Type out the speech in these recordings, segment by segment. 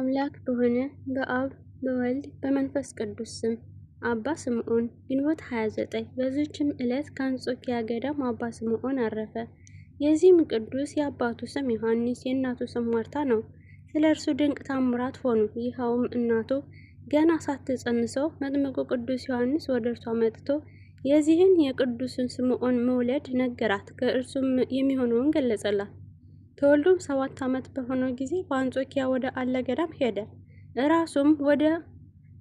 አምላክ በሆነ በአብ በወልድ በመንፈስ ቅዱስ ስም አባ ስምዖን ግንቦት 29 በዚችም ዕለት ከአንጾኪያ ገዳም አባ ስምዖን አረፈ። የዚህም ቅዱስ የአባቱ ስም ዮሐንስ የእናቱ ስም ማርታ ነው። ስለ እርሱ ድንቅ ታምራት ሆኑ። ይኸውም እናቱ ገና ሳትጸንሰው መጥምቁ ቅዱስ ዮሐንስ ወደ እርሷ መጥቶ የዚህን የቅዱስን ስምዖን መውለድ ነገራት፣ ከእርሱም የሚሆነውን ገለጸላት። ተወልዶም ሰባት ዓመት በሆነው ጊዜ በአንጾኪያ ወደ አለ ገዳም ሄደ። ራሱም ወደ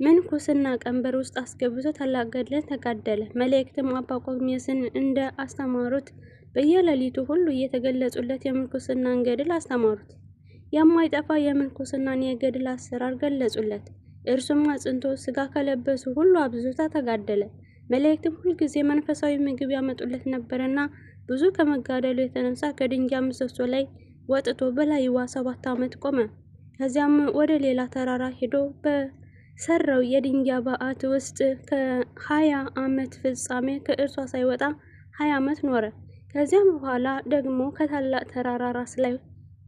ምንኩስና ቀንበር ውስጥ አስገብቶ ታላቅ ገድልን ተጋደለ። መላእክትም አባ ቆቅሚስን እንደ አስተማሩት በየሌሊቱ ሁሉ እየተገለጹለት የምንኩስናን ገድል አስተማሩት። የማይጠፋ የምንኩስናን የገድል አሰራር ገለጹለት። እርሱም አጽንቶ ስጋ ከለበሱ ሁሉ አብዝቶ ተጋደለ። መላእክትም ሁልጊዜ መንፈሳዊ ምግብ ያመጡለት ነበረና ብዙ ከመጋደሉ የተነሳ ከድንጋይ ምሰሶ ላይ ወጥቶ በላይዋ ሰባት ዓመት ቆመ። ከዚያም ወደ ሌላ ተራራ ሄዶ በሰራው የድንጋይ በዓት ውስጥ ከሀያ ዓመት ፍጻሜ ከእርሷ ሳይወጣ ሀያ ዓመት ኖረ። ከዚያም በኋላ ደግሞ ከታላቅ ተራራ ራስ ላይ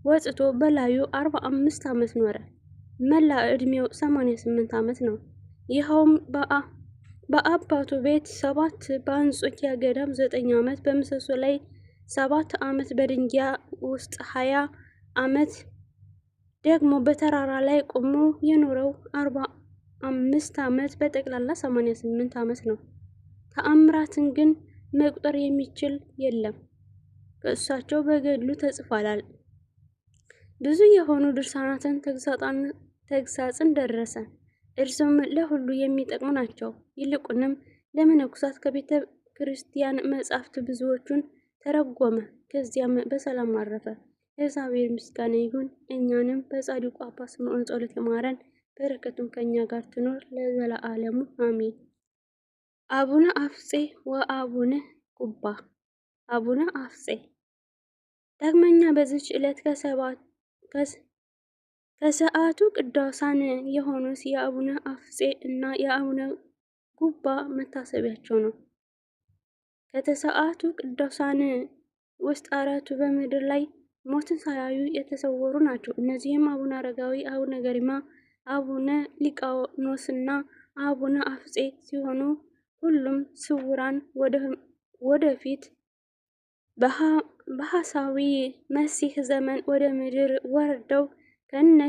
ወጥቶ በላዩ አርባ አምስት ዓመት ኖረ። መላ ዕድሜው ሰማንያ ስምንት ዓመት ነው። ይኸውም በአባቱ ቤት ሰባት በአንጾኪያ ገዳም ዘጠኝ ዓመት በምሰሶ ላይ ሰባት ዓመት በድንጊያ ውስጥ ሀያ ዓመት ደግሞ በተራራ ላይ ቆሞ የኖረው አርባ አምስት ዓመት በጠቅላላ ሰማንያ ስምንት ዓመት ነው። ተአምራትን ግን መቁጠር የሚችል የለም። ከእሳቸው በገድሉ ተጽፏላል። ብዙ የሆኑ ድርሳናትን ተግሳጽን ደረሰ። እርሱም ለሁሉ የሚጠቅሙ ናቸው። ይልቁንም ለመነኩሳት ከቤተ ክርስቲያን መጻሕፍት ብዙዎቹን ተረጎመ፣ ከዚያም በሰላም አረፈ። ለእግዚአብሔር ምስጋና ይሁን። እኛንም በጻድቁ አባ ስምዖን ጸሎት ይማረን፣ በረከቱም ከእኛ ጋር ትኖር ለዘላለሙ አሜን። አቡነ አፍጼ ወአቡነ ቁባ። አቡነ አፍጼ ዳግመኛ በዚች ዕለት ከሰዓቱ ቅዱሳን የሆኑት የአቡነ አፍጼ እና የአቡነ ጉባ መታሰቢያቸው ነው። ከተሰዓቱ ቅዱሳን ውስጥ አራቱ በምድር ላይ ሞትን ሳያዩ የተሰወሩ ናቸው። እነዚህም አቡነ አረጋዊ፣ አቡነ ገሪማ፣ አቡነ ሊቃኖስና አቡነ አፍጼ ሲሆኑ ሁሉም ስውራን ወደፊት በሐሳዊ መሲህ ዘመን ወደ ምድር ወርደው ከነ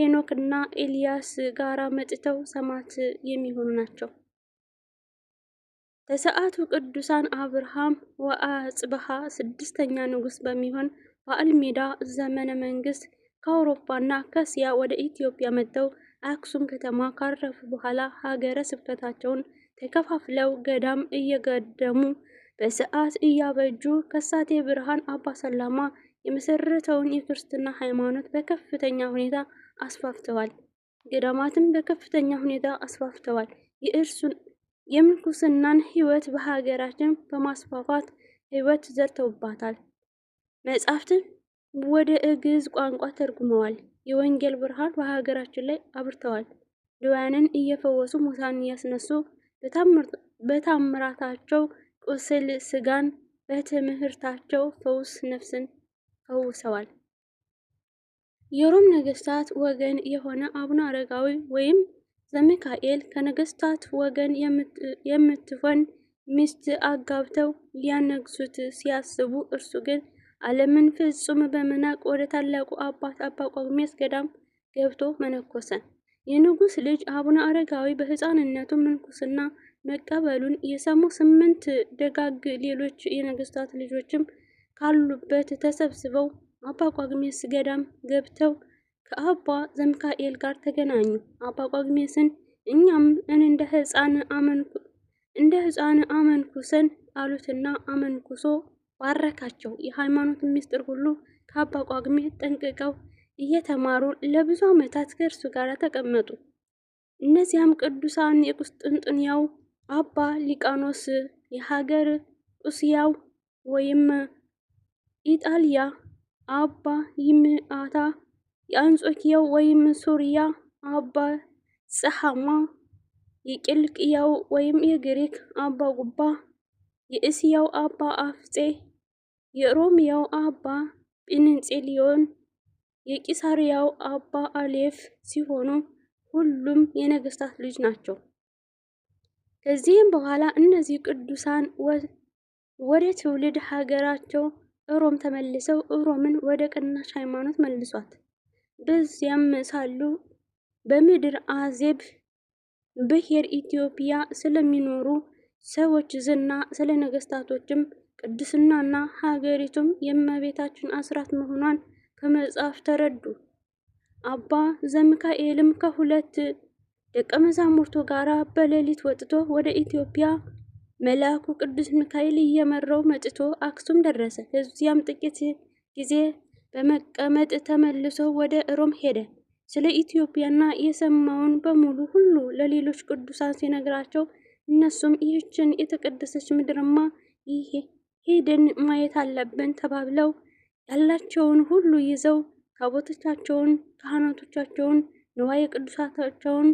ሄኖክና ኤልያስ ጋራ መጥተው ሰማዕት የሚሆኑ ናቸው። በሰዓቱ ቅዱሳን አብርሃም ወአጽብሃ ስድስተኛ ንጉሥ በሚሆን በአልሜዳ ዘመነ መንግስት ከአውሮፓና ከእስያ ወደ ኢትዮጵያ መጥተው አክሱም ከተማ ካረፉ በኋላ ሀገረ ስብከታቸውን ተከፋፍለው ገዳም እየገደሙ በሰዓት እያበጁ ከሳቴ ብርሃን አባ ሰላማ የመሰረተውን የክርስትና ሃይማኖት በከፍተኛ ሁኔታ አስፋፍተዋል። ገዳማትም በከፍተኛ ሁኔታ አስፋፍተዋል። የእርሱን የምንኩስናን ሕይወት በሀገራችን በማስፋፋት ሕይወት ዘርተውባታል። መጻሕፍትን ወደ እግዝ ቋንቋ ተርጉመዋል። የወንጌል ብርሃን በሀገራችን ላይ አብርተዋል። ድውያንን እየፈወሱ ሙታን እያስነሱ በታምራታቸው ቁስል ስጋን በትምህርታቸው ፈውስ ነፍስን ፈውሰዋል። የሮም ነገስታት ወገን የሆነ አቡነ አረጋዊ ወይም ዘሚካኤል ከነገስታት ወገን የምትሆን ሚስት አጋብተው ሊያነግሱት ሲያስቡ እርሱ ግን ዓለምን ፍጹም በመናቅ ወደ ታላቁ አባት አባ ጳኩሚስ ገዳም ገብቶ መነኮሰ። የንጉሥ ልጅ አቡነ አረጋዊ በሕፃንነቱ ምንኩስና መቀበሉን የሰሙ ስምንት ደጋግ ሌሎች የነገስታት ልጆችም ካሉበት ተሰብስበው አባ ጳኩሚስ ገዳም ገብተው ከአባ ዘሚካኤል ጋር ተገናኙ። አባ ጳጉሜስን እኛም እንደ ሕፃን አመንኩ እንደ አመንኩሰን አሉትና አመንኩሶ ባረካቸው። የሃይማኖት ምስጢር ሁሉ ከአባ ጳጉሜ ጠንቅቀው እየተማሩ ለብዙ ዓመታት ከእርሱ ጋር ተቀመጡ። እነዚያም ቅዱሳን የቁስጥንጥንያው አባ ሊቃኖስ፣ የሀገር ቁስያው ወይም ኢጣሊያ አባ ይምአታ የአንጾኪያው ወይም ሱሪያ አባ ጸሐማ፣ የቂልቅያው ወይም የግሪክ አባ ጉባ፣ የእስያው አባ አፍጼ፣ የሮሚያው አባ ጲንጽሊዮን፣ የቂሳርያው አባ አሌፍ ሲሆኑ ሁሉም የነገስታት ልጅ ናቸው። ከዚህም በኋላ እነዚህ ቅዱሳን ወደ ትውልድ ሀገራቸው ሮም ተመልሰው ሮምን ወደ ቅናሽ ሃይማኖት መልሷት። በዚያም ሳሉ በምድር አዜብ ብሔር ኢትዮጵያ ስለሚኖሩ ሰዎች ዝና፣ ስለ ነገስታቶችም ቅድስናና ሀገሪቱም የእመቤታችን አስራት መሆኗን ከመጽሐፍ ተረዱ። አባ ዘሚካኤልም ከሁለት ደቀ መዛሙርቱ ጋር በሌሊት ወጥቶ ወደ ኢትዮጵያ መልአኩ ቅዱስ ሚካኤል እየመራው መጥቶ አክሱም ደረሰ። እዚያም ጥቂት ጊዜ በመቀመጥ ተመልሶ ወደ ሮም ሄደ። ስለ ኢትዮጵያና የሰማውን በሙሉ ሁሉ ለሌሎች ቅዱሳን ሲነግራቸው እነሱም ይህችን የተቀደሰች ምድርማ ይሄ ሄደን ማየት አለብን ተባብለው ያላቸውን ሁሉ ይዘው ታቦቶቻቸውን፣ ካህናቶቻቸውን፣ ንዋየ ቅዱሳታቸውን፣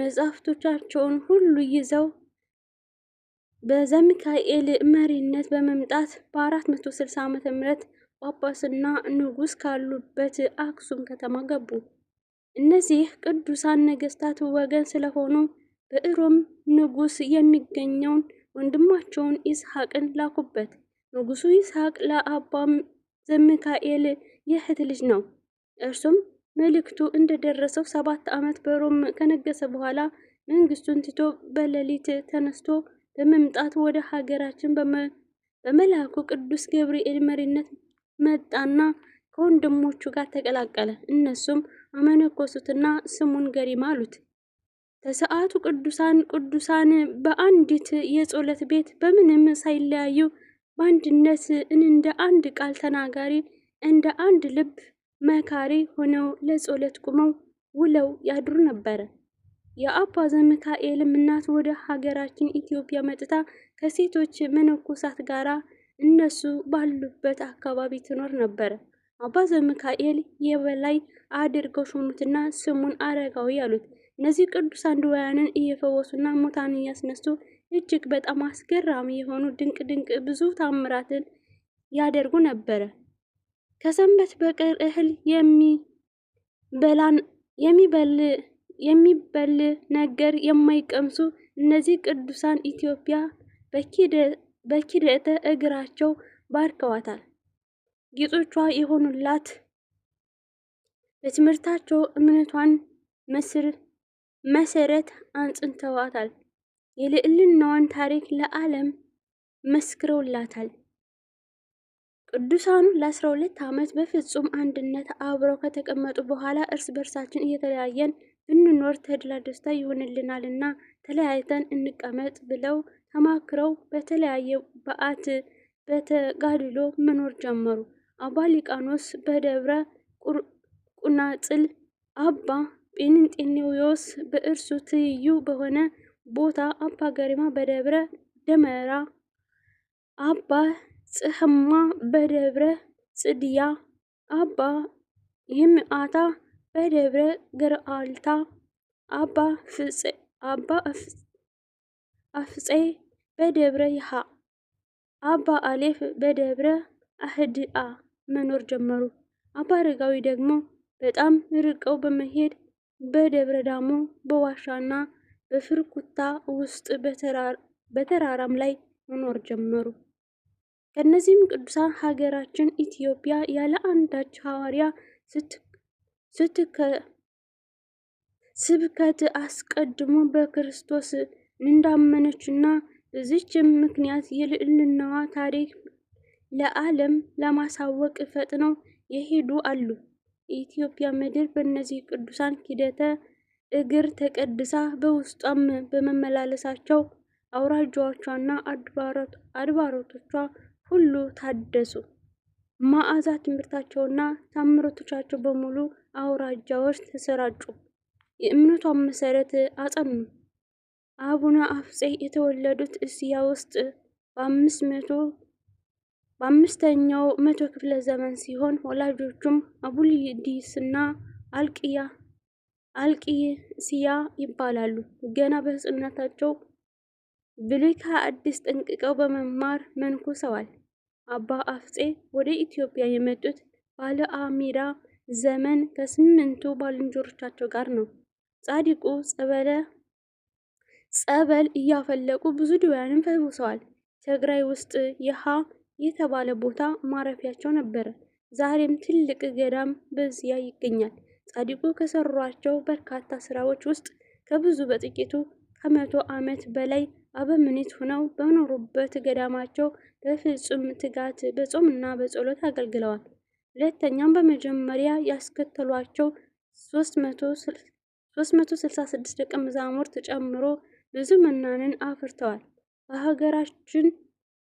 መጽሐፍቶቻቸውን ሁሉ ይዘው በዘሚካኤል መሪነት በመምጣት በ460 ዓ.ም ጳጳስና ንጉሥ ካሉበት አክሱም ከተማ ገቡ። እነዚህ ቅዱሳን ነገሥታት ወገን ስለሆኑ በእሮም ንጉሥ የሚገኘውን ወንድማቸውን ይስሐቅን ላኩበት። ንጉሡ ይስሐቅ ለአባ ዘሚካኤል የእህት ልጅ ነው። እርሱም መልእክቱ እንደደረሰው ሰባት ዓመት በሮም ከነገሰ በኋላ መንግስቱን ትቶ በሌሊት ተነስቶ በመምጣት ወደ ሀገራችን በመላኩ ቅዱስ ገብርኤል መሪነት መጣና ከወንድሞቹ ጋር ተቀላቀለ። እነሱም አመነኮሱትና ስሙን ገሪማ አሉት። ከሰዓቱ ቅዱሳን ቅዱሳን በአንዲት የጸሎት ቤት በምንም ሳይለያዩ በአንድነት እንደ አንድ ቃል ተናጋሪ እንደ አንድ ልብ መካሪ ሆነው ለጸሎት ቁመው ውለው ያድሩ ነበረ። የአባ ዘሚካኤልም እናት ወደ ሀገራችን ኢትዮጵያ መጥታ ከሴቶች መነኮሳት ጋር እነሱ ባሉበት አካባቢ ትኖር ነበረ። አባ ዘሚካኤል የበላይ አድርገው ሾሙትና ስሙን አረጋዊ አሉት። እነዚህ ቅዱሳን ድውያንን እየፈወሱና ሙታን እያስነሱ እጅግ በጣም አስገራሚ የሆኑ ድንቅ ድንቅ ብዙ ታምራትን ያደርጉ ነበረ። ከሰንበት በቀር እህል የሚበላን የሚበል ነገር የማይቀምሱ እነዚህ ቅዱሳን ኢትዮጵያ በኪደ በኪደተ እግራቸው ባርከዋታል። ጌጦቿ የሆኑላት በትምህርታቸው እምነቷን መሰረት አንጽንተዋታል። የልዕልናዋን ታሪክ ለዓለም መስክረውላታል። ቅዱሳኑ ለ12 ዓመት በፍጹም አንድነት አብረው ከተቀመጡ በኋላ እርስ በርሳችን እየተለያየን ብንኖር ተድላ ደስታ ይሆንልናልና ተለያይተን እንቀመጥ ብለው ተማክረው በተለያየ በዓት በተጋድሎ መኖር ጀመሩ። አባ ሊቃኖስ በደብረ ቁናጽል፣ አባ ጴንጤኔዎስ በእርሱ ትይዩ በሆነ ቦታ፣ አባ ገሪማ በደብረ ደመራ፣ አባ ጽህማ በደብረ ጽድያ፣ አባ ይምአታ በደብረ ገርአልታ፣ አባ አፍፄ በደብረ ይሃ አባ አሌፍ በደብረ አህድአ መኖር ጀመሩ። አባ አረጋዊ ደግሞ በጣም ርቀው በመሄድ በደብረ ዳሞ በዋሻና በፍርኩታ ውስጥ በተራራም ላይ መኖር ጀመሩ። ከእነዚህም ቅዱሳን ሀገራችን ኢትዮጵያ ያለ አንዳች ሐዋርያ ስብከት አስቀድሞ በክርስቶስ እንዳመነችና በዚችም ምክንያት የልዕልናዋ ታሪክ ለዓለም ለማሳወቅ ፈጥነው የሄዱ አሉ። የኢትዮጵያ ምድር በእነዚህ ቅዱሳን ኪደተ እግር ተቀድሳ በውስጧም በመመላለሳቸው አውራጃዎቿና አድባሮቶቿ ሁሉ ታደሱ። መዓዛ ትምህርታቸውና ታምሮቶቻቸው በሙሉ አውራጃዎች ተሰራጩ። የእምነቷን መሠረት አጸኑ። አቡነ አፍጼ የተወለዱት እስያ ውስጥ በአምስት መቶ በአምስተኛው መቶ ክፍለ ዘመን ሲሆን ወላጆቹም አቡልዲስና አልቅያ አልቅስያ ይባላሉ። ገና በሕፃንነታቸው ብሉይ አዲስ ጠንቅቀው በመማር መንኩሰዋል። አባ አፍጼ ወደ ኢትዮጵያ የመጡት ባለ አሚራ ዘመን ከስምንቱ ባልንጀሮቻቸው ጋር ነው። ጻድቁ ጸበለ ጸበል እያፈለቁ ብዙ ድውያንን ፈውሰዋል። ትግራይ ውስጥ የሃ የተባለ ቦታ ማረፊያቸው ነበረ። ዛሬም ትልቅ ገዳም በዚያ ይገኛል። ጻድቁ ከሰሯቸው በርካታ ስራዎች ውስጥ ከብዙ በጥቂቱ ከመቶ ዓመት በላይ አበምኔት ሆነው በኖሩበት ገዳማቸው በፍጹም ትጋት በጾምና በጸሎት አገልግለዋል። ሁለተኛም በመጀመሪያ ያስከተሏቸው 366 ደቀ መዛሙርት ጨምሮ ብዙ መናንን አፍርተዋል። በሀገራችን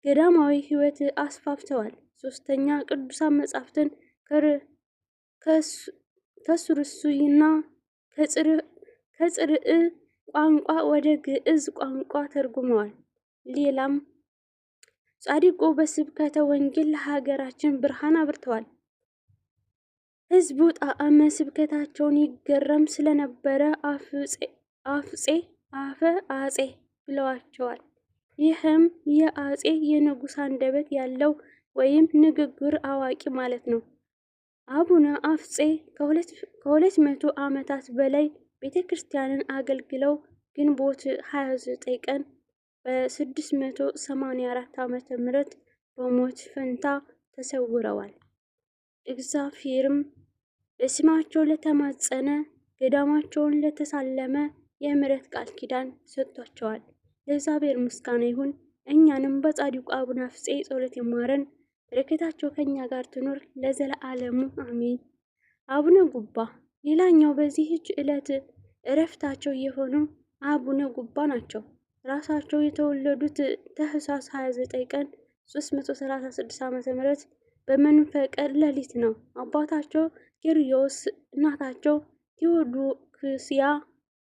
ገዳማዊ ሕይወት አስፋፍተዋል። ሶስተኛ ቅዱሳን መጻሕፍትን ከሱርሱይና ከጽርዕ ቋንቋ ወደ ግዕዝ ቋንቋ ተርጉመዋል። ሌላም ጻድቁ በስብከተ ወንጌል ለሀገራችን ብርሃን አብርተዋል። ሕዝቡ ጣዕመ ስብከታቸውን ይገረም ስለነበረ አፍጼ አፈ አጼ ብለዋቸዋል። ይህም የአጼ የንጉሥ አንደበት ያለው ወይም ንግግር አዋቂ ማለት ነው። አቡነ አፍጼ ከሁለት መቶ ዓመታት በላይ ቤተ ክርስቲያንን አገልግለው ግንቦት 29 ቀን በ684 ዓ ምህረት በሞት ፈንታ ተሰውረዋል። እግዚአብሔርም በስማቸው ለተማጸነ ገዳማቸውን ለተሳለመ የምረት ቃል ኪዳን ሰጥቷቸዋል። ለእግዚአብሔር ምስጋና ይሁን። እኛንም በጻድቁ አቡነ አፍጼ ጸሎት ይማረን፣ በረከታቸው ከእኛ ጋር ትኖር ለዘለዓለሙ አሜን። አቡነ ጉባ ሌላኛው በዚህች ዕለት እረፍታቸው የሆኑ አቡነ ጉባ ናቸው። ራሳቸው የተወለዱት ታኅሳስ 29 ቀን 336 ዓ ም በመንፈቀ ሌሊት ነው። አባታቸው ጌርጌዎስ፣ እናታቸው ቴዎዶክስያ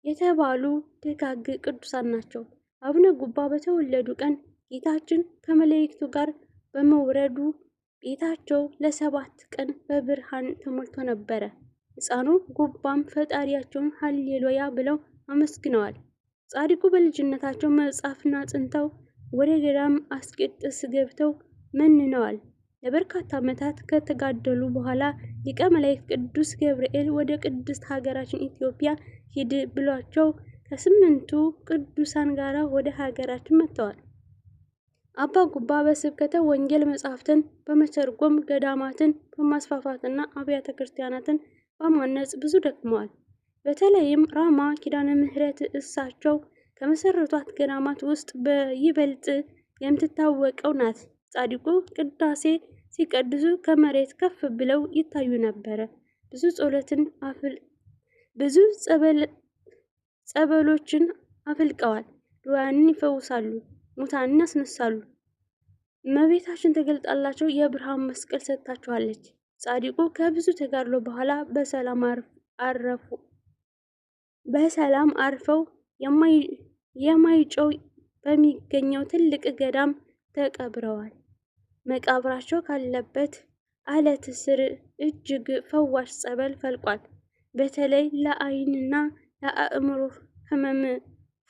የተባሉ ደጋግ ቅዱሳን ናቸው። አቡነ ጉባ በተወለዱ ቀን ጌታችን ከመላእክቱ ጋር በመውረዱ ቤታቸው ለሰባት ቀን በብርሃን ተሞልቶ ነበረ። ሕፃኑ ጉባም ፈጣሪያቸውን ሀሌሎያ ብለው አመስግነዋል። ጻድቁ በልጅነታቸው መጽሐፍና ጽንተው ወደ ገዳም አስቄጥስ ገብተው መንነዋል። ለበርካታ ዓመታት ከተጋደሉ በኋላ ሊቀ መላእክት ቅዱስ ገብርኤል ወደ ቅድስት ሀገራችን ኢትዮጵያ ሂድ ብሏቸው ከስምንቱ ቅዱሳን ጋር ወደ ሀገራችን መጥተዋል። አባ ጉባ በስብከተ ወንጌል መጽሐፍትን በመተርጎም ገዳማትን በማስፋፋትና አብያተ ክርስቲያናትን በማነጽ ብዙ ደክመዋል። በተለይም ራማ ኪዳነ ምሕረት እሳቸው ከመሰረቷት ገዳማት ውስጥ በይበልጥ የምትታወቀው ናት። ጻድቁ ቅዳሴ ሲቀድሱ ከመሬት ከፍ ብለው ይታዩ ነበረ። ብዙ ጸሎትን ብዙ ጸበሎችን አፍልቀዋል። ድውያንን ይፈውሳሉ፣ ሙታንን ያስነሳሉ። እመቤታችን ተገልጣላቸው የብርሃን መስቀል ሰጥታቸዋለች። ጻድቁ ከብዙ ተጋድሎ በኋላ በሰላም አረፉ። በሰላም አርፈው የማይጨው በሚገኘው ትልቅ ገዳም ተቀብረዋል። መቃብራቸው ካለበት አለት ስር እጅግ ፈዋሽ ጸበል ፈልቋል። በተለይ ለአይንና ለአእምሮ ህመም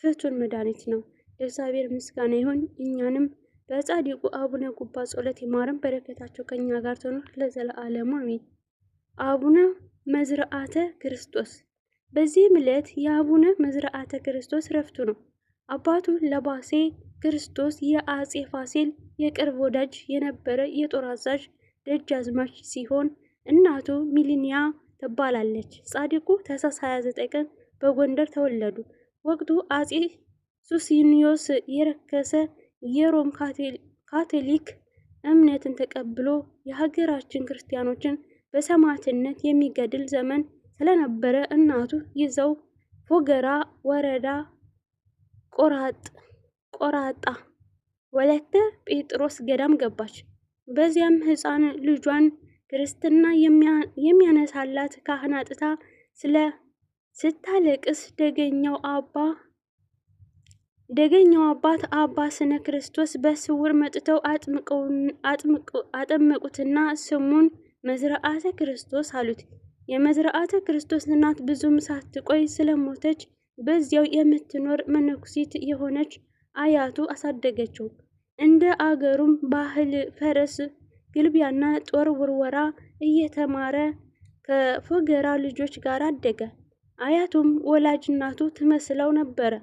ፍቱን መድኃኒት ነው። ለእግዚአብሔር ምስጋና ይሁን። እኛንም በጻድቁ አቡነ ጉባ ጸሎት ይማረን። በረከታቸው ከእኛ ጋር ተኖ ለዘለዓለሙ አሜን። አቡነ መዝርዓተ ክርስቶስ። በዚህም ዕለት የአቡነ መዝርዓተ ክርስቶስ ረፍቱ ነው። አባቱ ለባሴ ክርስቶስ የአጼ ፋሲል የቅርብ ወዳጅ የነበረ የጦር አዛዥ ደጃዝማች ሲሆን እናቱ ሚሊኒያ ትባላለች። ጻድቁ ታኅሳስ 29 ቀን በጎንደር ተወለዱ። ወቅቱ አጼ ሱስንዮስ የረከሰ የሮም ካቶሊክ እምነትን ተቀብሎ የሀገራችን ክርስቲያኖችን በሰማዕትነት የሚገድል ዘመን ስለነበረ እናቱ ይዘው ፎገራ ወረዳ ቆራጥ ቆራጣ ወለተ ጴጥሮስ ገዳም ገባች። በዚያም ሕፃን ልጇን ክርስትና የሚያነሳላት ካህን አጥታ ስለ ስታለቅስ ደገኛው አባ ደገኛው አባት አባ ስነ ክርስቶስ በስውር መጥተው አጠመቁትና ስሙን መዝራአተ ክርስቶስ አሉት። የመዝራአተ ክርስቶስ እናት ብዙም ሳትቆይ ስለሞተች በዚያው የምትኖር መነኩሲት የሆነች አያቱ አሳደገችው። እንደ አገሩም ባህል ፈረስ ግልቢያና ጦር ውርወራ እየተማረ ከፎገራ ልጆች ጋር አደገ። አያቱም ወላጅ እናቱ ትመስለው ነበረ።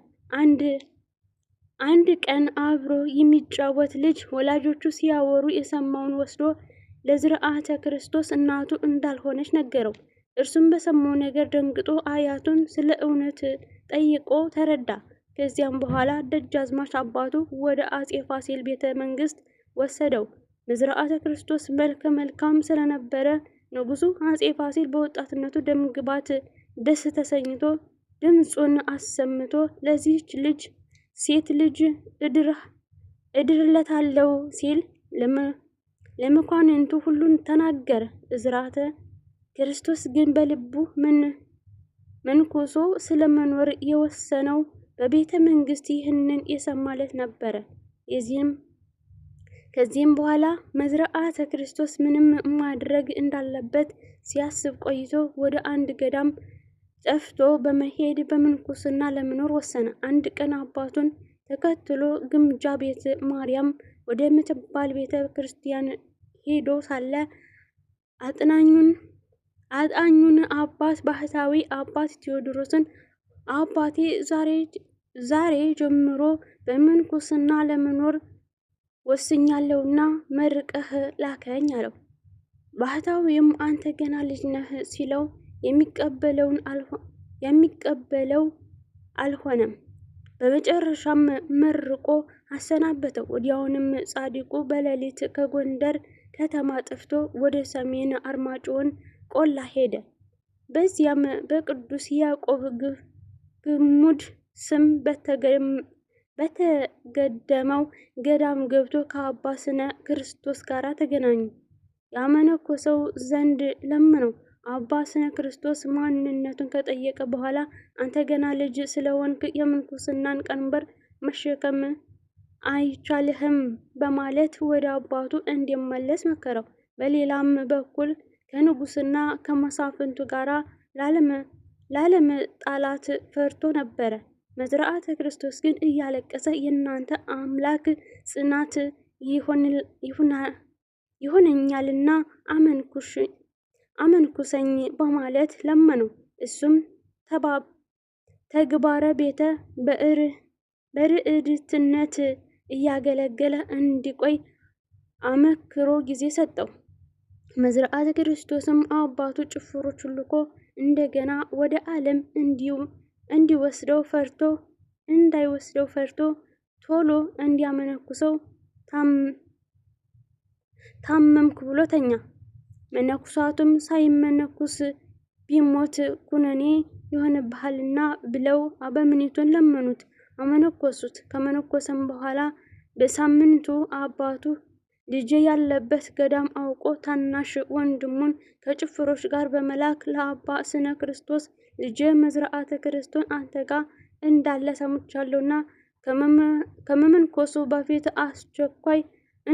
አንድ አንድ ቀን አብሮ የሚጫወት ልጅ ወላጆቹ ሲያወሩ የሰማውን ወስዶ ለዝርዓተ ክርስቶስ እናቱ እንዳልሆነች ነገረው። እርሱም በሰማው ነገር ደንግጦ አያቱን ስለ እውነት ጠይቆ ተረዳ። ከዚያም በኋላ ደጃዝማች አባቱ ወደ አጼ ፋሲል ቤተ መንግስት ወሰደው። መዝራዕተ ክርስቶስ መልከ መልካም ስለነበረ ንጉሱ አጼ ፋሲል በወጣትነቱ ደምግባት ደስ ተሰኝቶ ድምፁን አሰምቶ ለዚህች ልጅ ሴት ልጅ እድርለታለው ሲል ለመኳንንቱ ሁሉን ተናገረ። እዝራተ ክርስቶስ ግን በልቡ መንኮሶ ስለመኖር የወሰነው በቤተ መንግስት ይህንን የሰማለት ነበረ። የዚህም ከዚህም በኋላ መዝራዕተ ክርስቶስ ምንም ማድረግ እንዳለበት ሲያስብ ቆይቶ ወደ አንድ ገዳም ጠፍቶ በመሄድ በምንኩስና ለመኖር ወሰነ። አንድ ቀን አባቱን ተከትሎ ግምጃ ቤተ ማርያም ወደምትባል ቤተ ክርስቲያን ሄዶ ሳለ አጥናኙን አጣኙን አባት ባህታዊ አባት ቴዎድሮስን አባቴ ዛሬ ዛሬ ጀምሮ በምንኩስና ለመኖር ወስኛለሁና መርቀህ ላከኝ አለው። ባህታዊም አንተ ገና ልጅ ነህ ሲለው የሚቀበለው አልሆነም። በመጨረሻም መርቆ አሰናበተው። ወዲያውንም ጻድቁ በሌሊት ከጎንደር ከተማ ጠፍቶ ወደ ሰሜን አርማጭሆን ቆላ ሄደ። በዚያም በቅዱስ ያዕቆብ ግሙድ ስም በተገደመው ገዳም ገብቶ ከአባ ስነ ክርስቶስ ጋር ተገናኙ። ያመነኮሰው ዘንድ ለምነው። አባ ስነ ክርስቶስ ማንነቱን ከጠየቀ በኋላ አንተ ገና ልጅ ስለሆንክ የምንኩስናን ቀንበር መሸከም አይቻልህም በማለት ወደ አባቱ እንዲመለስ መከረው። በሌላም በኩል ከንጉስና ከመሳፍንቱ ጋር ላለመጣላት ፈርቶ ነበረ። መዝራዕተ ክርስቶስ ግን እያለቀሰ የእናንተ አምላክ ጽናት ይሆነኛልና አመንኩሰኝ በማለት ለመነው። እሱም ተግባረ ቤተ በርዕድትነት እያገለገለ እንዲቆይ አመክሮ ጊዜ ሰጠው። መዝራዕተ ክርስቶስም አባቱ ጭፍሮች ልኮ እንደገና ወደ ዓለም እንዲሁም እንዲወስደው ፈርቶ እንዳይወስደው ፈርቶ ቶሎ እንዲያመነኩሰው ታመምኩ ብሎ ተኛ። መነኩሳቱም ሳይመነኩስ ቢሞት ኩነኔ ባህልና ብለው አበምኔቱን ለመኑት። አመነኮሱት። ከመነኮሰም በኋላ በሳምንቱ አባቱ ልጄ ያለበት ገዳም አውቆ ታናሽ ወንድሙን ከጭፍሮች ጋር በመላክ ለአባ ስነ ክርስቶስ ልጄ መዝራአተ ክርስቶን አንተ ጋር እንዳለ ሰምቻለሁና ከመመንኮሱ በፊት አስቸኳይ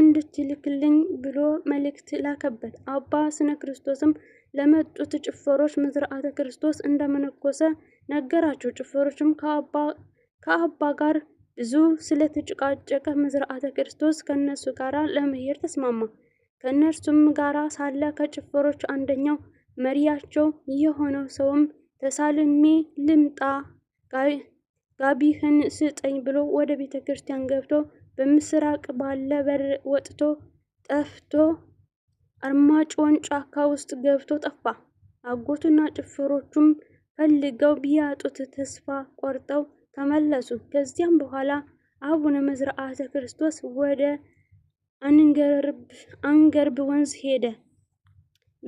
እንድትልክልኝ ብሎ መልእክት ላከበት። አባ ስነ ክርስቶስም ለመጡት ጭፈሮች መዝራአተ ክርስቶስ እንደመነኮሰ ነገራቸው። ጭፈሮችም ከአባ ጋር ብዙ ስለተጨቃጨቀ መዝርዓተ ክርስቶስ ከነሱ ጋር ለመሄድ ተስማማ። ከእነርሱም ጋር ሳለ ከጭፈሮች አንደኛው መሪያቸው የሆነው ሰውም ተሳልሜ ልምጣ ጋቢህን ስጠኝ ብሎ ወደ ቤተ ክርስቲያን ገብቶ በምስራቅ ባለ በር ወጥቶ ጠፍቶ አርማጮን ጫካ ውስጥ ገብቶ ጠፋ። አጎቱና ጭፈሮቹም ፈልገው ቢያጡት ተስፋ ቆርጠው ተመለሱ። ከዚያም በኋላ አቡነ መዝርዓተ ክርስቶስ ወደ አንገርብ ወንዝ ሄደ።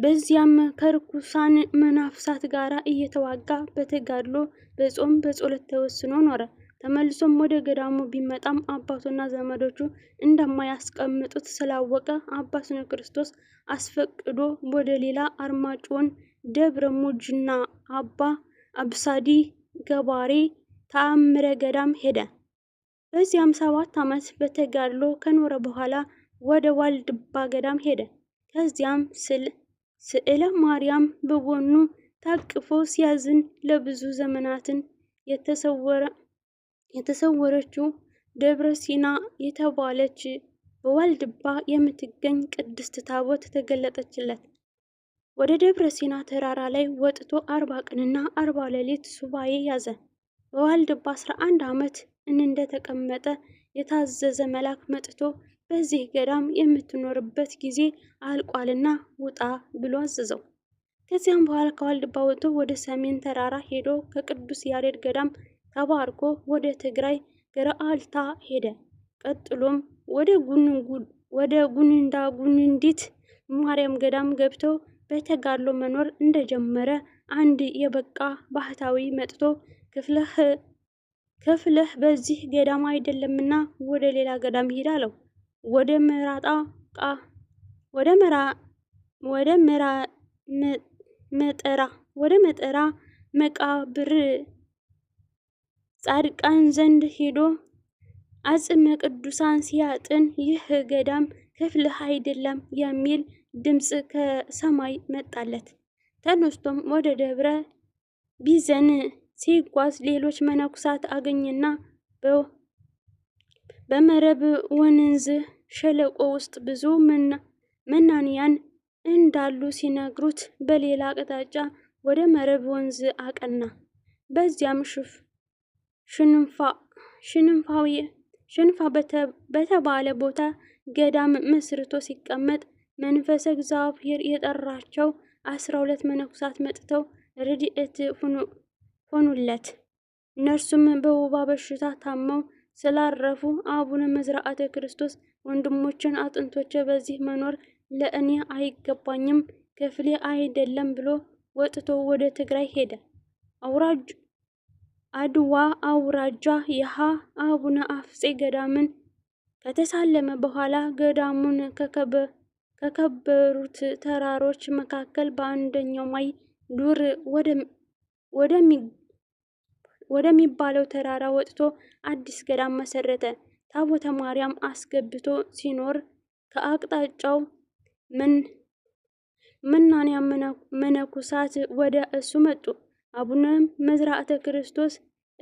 በዚያም ከርኩሳን መናፍሳት ጋር እየተዋጋ በተጋድሎ በጾም በጸሎት ተወስኖ ኖረ። ተመልሶም ወደ ገዳሙ ቢመጣም አባቱና ዘመዶቹ እንደማያስቀምጡት ስላወቀ አባስነ ክርስቶስ አስፈቅዶ ወደ ሌላ አርማጭሆን ደብረ ሙጅና አባ አብሳዲ ገባሬ ተአምረ ገዳም ሄደ። በዚያም ሰባት ዓመት በተጋድሎ ከኖረ በኋላ ወደ ዋልድባ ገዳም ሄደ። ከዚያም ስዕለ ማርያም በጎኑ ታቅፎ ሲያዝን ለብዙ ዘመናትን የተሰወረችው ደብረ ሲና የተባለች በዋልድባ የምትገኝ ቅድስት ታቦት ተገለጠችለት። ወደ ደብረ ሲና ተራራ ላይ ወጥቶ አርባ ቀንና አርባ ሌሊት ሱባኤ ያዘ። በዋልድባ አስራ አንድ ዓመት እንደተቀመጠ የታዘዘ መልአክ መጥቶ በዚህ ገዳም የምትኖርበት ጊዜ አልቋልና ውጣ ብሎ አዘዘው። ከዚያም በኋላ ከዋልድባ ወጥቶ ወደ ሰሜን ተራራ ሄዶ ከቅዱስ ያሬድ ገዳም ተባርኮ ወደ ትግራይ ገረአልታ ሄደ። ቀጥሎም ወደ ጉንንዳ ጉንንዲት ማርያም ገዳም ገብተው በተጋድሎ መኖር እንደጀመረ አንድ የበቃ ባህታዊ መጥቶ ክፍለህ ከፍለህ በዚህ ገዳም አይደለምና ወደ ሌላ ገዳም ሂድ አለው። ወደ ምራጣ ቃ ወደ ምራ ወደ ምራ መጠራ ወደ መጠራ መቃብር ጻድቃን ዘንድ ሄዶ አጽመ ቅዱሳን ሲያጥን ይህ ገዳም ክፍልህ አይደለም የሚል ድምፅ ከሰማይ መጣለት። ተነስቶም ወደ ደብረ ቢዘን ሲጓዝ ሌሎች መነኩሳት አገኘና በመረብ ወንዝ ሸለቆ ውስጥ ብዙ መናንያን እንዳሉ ሲነግሩት በሌላ አቅጣጫ ወደ መረብ ወንዝ አቀና። በዚያም ሽንፋ በተባለ ቦታ ገዳም መስርቶ ሲቀመጥ መንፈሰ እግዚአብሔር የጠራቸው አስራ ሁለት መነኩሳት መጥተው ረድኤት ሆኑለት። እነርሱም በወባ በሽታ ታመው ስላረፉ አቡነ መዝርዓተ ክርስቶስ ወንድሞችን አጥንቶች በዚህ መኖር ለእኔ አይገባኝም፣ ክፍሌ አይደለም ብሎ ወጥቶ ወደ ትግራይ ሄደ። አድዋ አውራጃ የሃ አቡነ አፍጼ ገዳምን ከተሳለመ በኋላ ገዳሙን ከከበሩት ተራሮች መካከል በአንደኛው ማይ ዱር ወደሚ ወደሚባለው ተራራ ወጥቶ አዲስ ገዳም መሰረተ። ታቦተ ማርያም አስገብቶ ሲኖር ከአቅጣጫው መናንያ መነኮሳት ወደ እሱ መጡ። አቡነ መዝራዕተ ክርስቶስ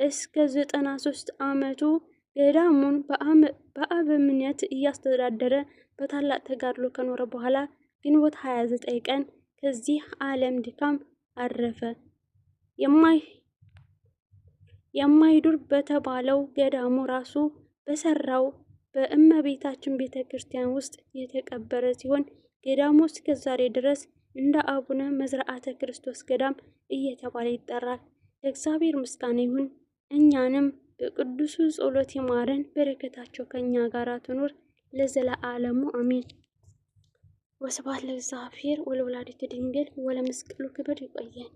እስከ 93 ሶስት ዓመቱ ገዳሙን በአበምኔት እያስተዳደረ በታላቅ ተጋድሎ ከኖረ በኋላ ግንቦት 29 ቀን ከዚህ ዓለም ድካም አረፈ። የማይዱር በተባለው ገዳሙ ራሱ በሰራው በእመቤታችን ቤተ ክርስቲያን ውስጥ የተቀበረ ሲሆን ገዳሙ እስከ ዛሬ ድረስ እንደ አቡነ መዝራአተ ክርስቶስ ገዳም እየተባለ ይጠራል። ለእግዚአብሔር ምስጋና ይሁን። እኛንም በቅዱሱ ጸሎት ይማረን፣ በረከታቸው ከእኛ ጋር ትኑር ለዘለዓለሙ አሜን። ወስብሐት ለእግዚአብሔር ወለወላዲቱ ድንግል ወለመስቀሉ ክብር። ይቆየን።